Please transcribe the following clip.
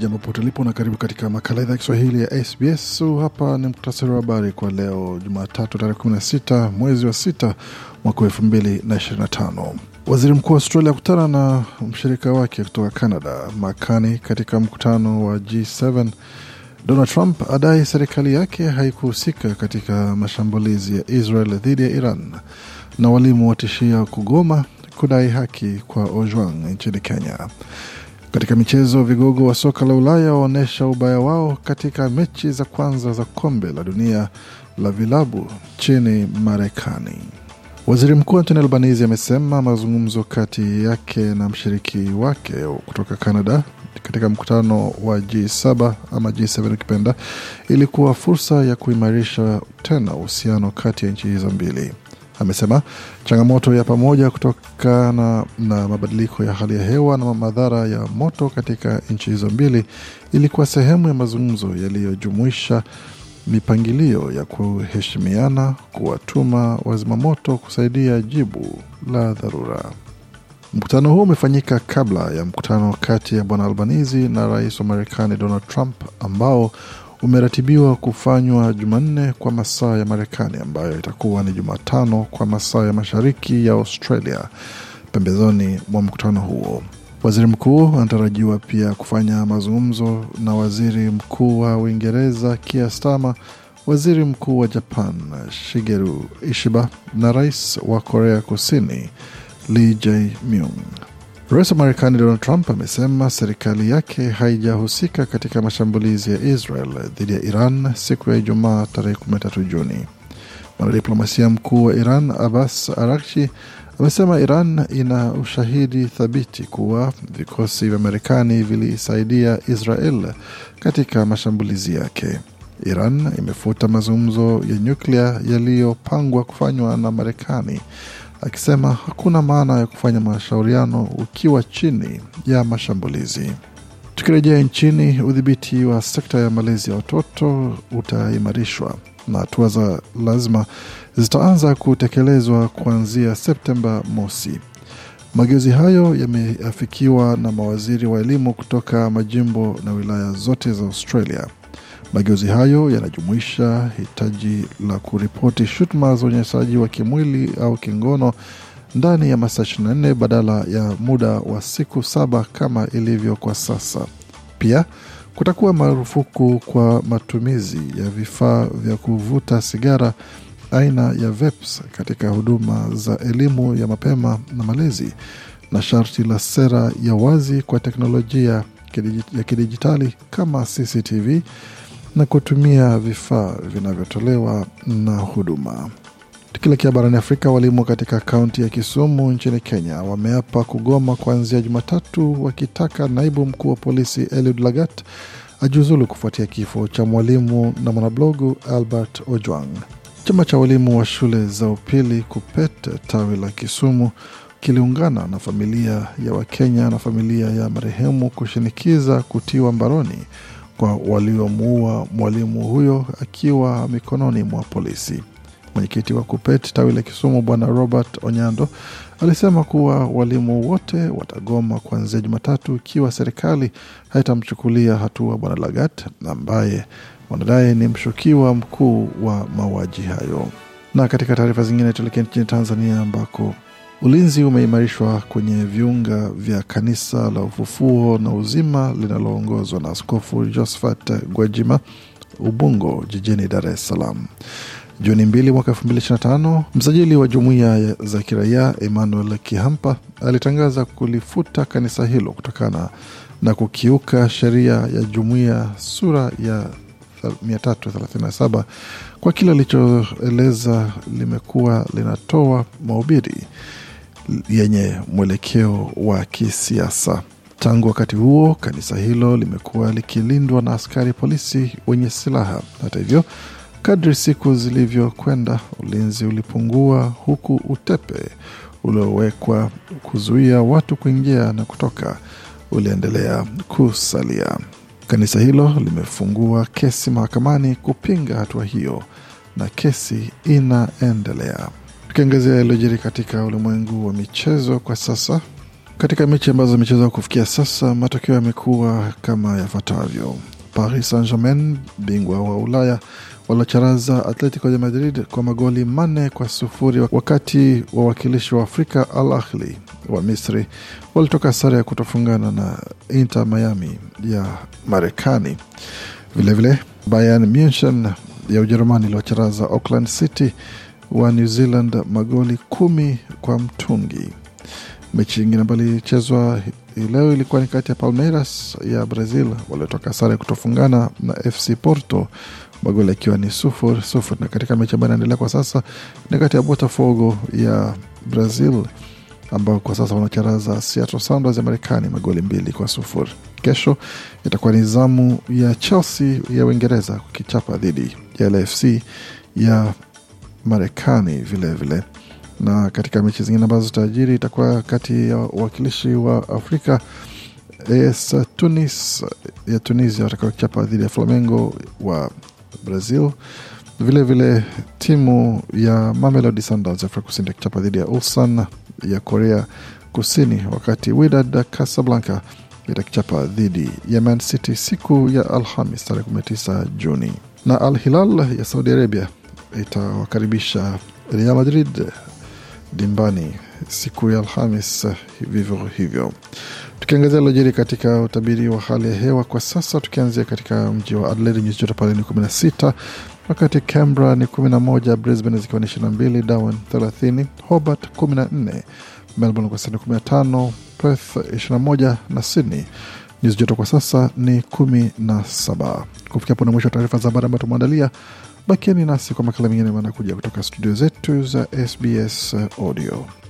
Jambo pote lipo na karibu katika makala idhaa ya Kiswahili ya SBS. hapa ni muktasari wa habari kwa leo Jumatatu tarehe 16 mwezi wa 6 mwaka wa 2025. Waziri mkuu wa Australia akutana na mshirika wake kutoka Canada Makani katika mkutano wa G7. Donald Trump adai serikali yake haikuhusika katika mashambulizi ya Israel dhidi ya Iran, na walimu watishia kugoma kudai haki kwa Ojwang nchini Kenya. Katika michezo, vigogo wa soka la Ulaya waonyesha ubaya wao katika mechi za kwanza za kombe la dunia la vilabu nchini Marekani. Waziri Mkuu Anthony Albanese amesema mazungumzo kati yake na mshiriki wake kutoka Canada katika mkutano wa G7 ama G7 ukipenda, ilikuwa fursa ya kuimarisha tena uhusiano kati ya nchi hizo mbili amesema changamoto ya pamoja kutokana na, mabadiliko ya hali ya hewa na madhara ya moto katika nchi hizo mbili ilikuwa sehemu ya mazungumzo yaliyojumuisha mipangilio ya kuheshimiana, kuwatuma wazimamoto kusaidia jibu la dharura. Mkutano huu umefanyika kabla ya mkutano kati ya bwana Albanizi na rais wa Marekani Donald Trump ambao umeratibiwa kufanywa Jumanne kwa masaa ya Marekani, ambayo itakuwa ni Jumatano kwa masaa ya mashariki ya Australia. Pembezoni mwa mkutano huo, waziri mkuu anatarajiwa pia kufanya mazungumzo na waziri mkuu wa Uingereza Keir Starmer, waziri mkuu wa Japan Shigeru Ishiba na rais wa Korea Kusini Lee Jae-myung. Rais wa Marekani Donald Trump amesema serikali yake haijahusika katika mashambulizi ya Israel dhidi ya Iran siku ya Ijumaa tarehe 13 Juni. Mwanadiplomasia mkuu wa Iran Abbas Arakchi amesema Iran ina ushahidi thabiti kuwa vikosi vya Marekani vilisaidia Israel katika mashambulizi yake. Iran imefuta mazungumzo ya nyuklia yaliyopangwa kufanywa na Marekani akisema hakuna maana ya kufanya mashauriano ukiwa chini ya mashambulizi. Tukirejea nchini, udhibiti wa sekta ya malezi ya watoto utaimarishwa na hatua za lazima zitaanza kutekelezwa kuanzia Septemba mosi. Mageuzi hayo yameafikiwa na mawaziri wa elimu kutoka majimbo na wilaya zote za Australia. Mageuzi hayo yanajumuisha hitaji la kuripoti shutuma za unyanyasaji wa kimwili au kingono ndani ya masaa 24 badala ya muda wa siku saba kama ilivyo kwa sasa. Pia kutakuwa marufuku kwa matumizi ya vifaa vya kuvuta sigara aina ya VEPs katika huduma za elimu ya mapema na malezi, na sharti la sera ya wazi kwa teknolojia ya kidijitali kama CCTV na kutumia vifaa vinavyotolewa na huduma. Tukielekea barani Afrika, walimu katika kaunti ya Kisumu nchini Kenya wameapa kugoma kuanzia Jumatatu, wakitaka naibu mkuu wa polisi Eliud Lagat ajiuzulu kufuatia kifo cha mwalimu na mwanablogu Albert Ojwang. Chama cha walimu wa shule za upili KUPPET tawi la Kisumu kiliungana na familia ya Wakenya na familia ya marehemu kushinikiza kutiwa mbaroni kwa waliomuua mwalimu huyo akiwa mikononi mwa polisi. Mwenyekiti wa kupet tawi la Kisumu Bwana Robert Onyando alisema kuwa walimu wote watagoma kuanzia Jumatatu ikiwa serikali haitamchukulia hatua Bwana Lagat ambaye wanadai ni mshukiwa mkuu wa mauaji hayo. Na katika taarifa zingine, tuelekee nchini Tanzania ambako Ulinzi umeimarishwa kwenye viunga vya kanisa la ufufuo na uzima linaloongozwa na Askofu Josephat Gwajima Ubungo jijini Dar es Salaam. Juni mbili mwaka elfu mbili ishirini na tano, msajili wa jumuiya za kiraia Emmanuel Kihampa alitangaza kulifuta kanisa hilo kutokana na kukiuka sheria ya jumuiya sura ya 337 kwa kile alichoeleza limekuwa linatoa mahubiri yenye mwelekeo wa kisiasa. Tangu wakati huo kanisa hilo limekuwa likilindwa na askari polisi wenye silaha. Hata hivyo, kadri siku zilivyokwenda, ulinzi ulipungua, huku utepe uliowekwa kuzuia watu kuingia na kutoka uliendelea kusalia. Kanisa hilo limefungua kesi mahakamani kupinga hatua hiyo na kesi inaendelea. Tukiangazia yaliyojiri katika ulimwengu wa michezo kwa sasa, katika mechi ambazo imechezwa kufikia sasa, matokeo yamekuwa kama yafuatavyo: Paris Saint-Germain bingwa wa Ulaya waliocharaza Atletico de Madrid kwa magoli manne kwa sufuri, wakati wawakilishi wa Afrika Al Ahli wa Misri walitoka sare ya kutofungana na Inter Miami ya Marekani. Vilevile Bayern Munchen ya Ujerumani iliwacharaza Auckland City wa New Zealand magoli kumi kwa mtungi. Mechi nyingine ambayo ilichezwa leo ilikuwa ni kati ya Palmeiras ya Brazil waliotoka sare kutofungana na FC Porto magoli akiwa ni sufuri sufuri, na katika mechi ambayo inaendelea kwa sasa ni kati ya Botafogo ya Brazil ambao kwa sasa wanacharaza Seattle Sounders ya Marekani magoli mbili kwa sufuri. Kesho itakuwa ni zamu ya Chelsea ya Uingereza kukichapa dhidi ya LFC ya Marekani vilevile vile. Na katika mechi zingine ambazo tajiri itakuwa kati ya uwakilishi wa Afrika AS Tunis ya Tunisia watakaochapa dhidi ya Flamengo wa Brazil. Vile vile timu ya Mamelodi Sundowns ya Afrika Kusini takichapa dhidi ya Ulsan ya Korea Kusini, wakati Wydad Casablanca itakichapa dhidi ya Man City siku ya Alhamis tarehe 19 Juni, na Al Hilal ya Saudi Arabia itawakaribisha Real Madrid dimbani siku ya Alhamis. Vivyo hivyo, tukiangazia lojeri katika utabiri wa hali ya hewa kwa sasa, tukianzia katika mji wa Adelaide nyuzi joto pale ni 16, wakati Canberra ni 11, Brisbane zikiwa ni 22, Darwin 30, Hobart 14, Melbourne kwa sasa ni 15, Perth 21 na Sydney nyuzi joto kwa sasa ni 17. Kufikia hapo na mwisho wa taarifa za habari ambayo tumeandalia bakiani nasi kwa makala mengine manakuja kutoka studio zetu za SBS Audio.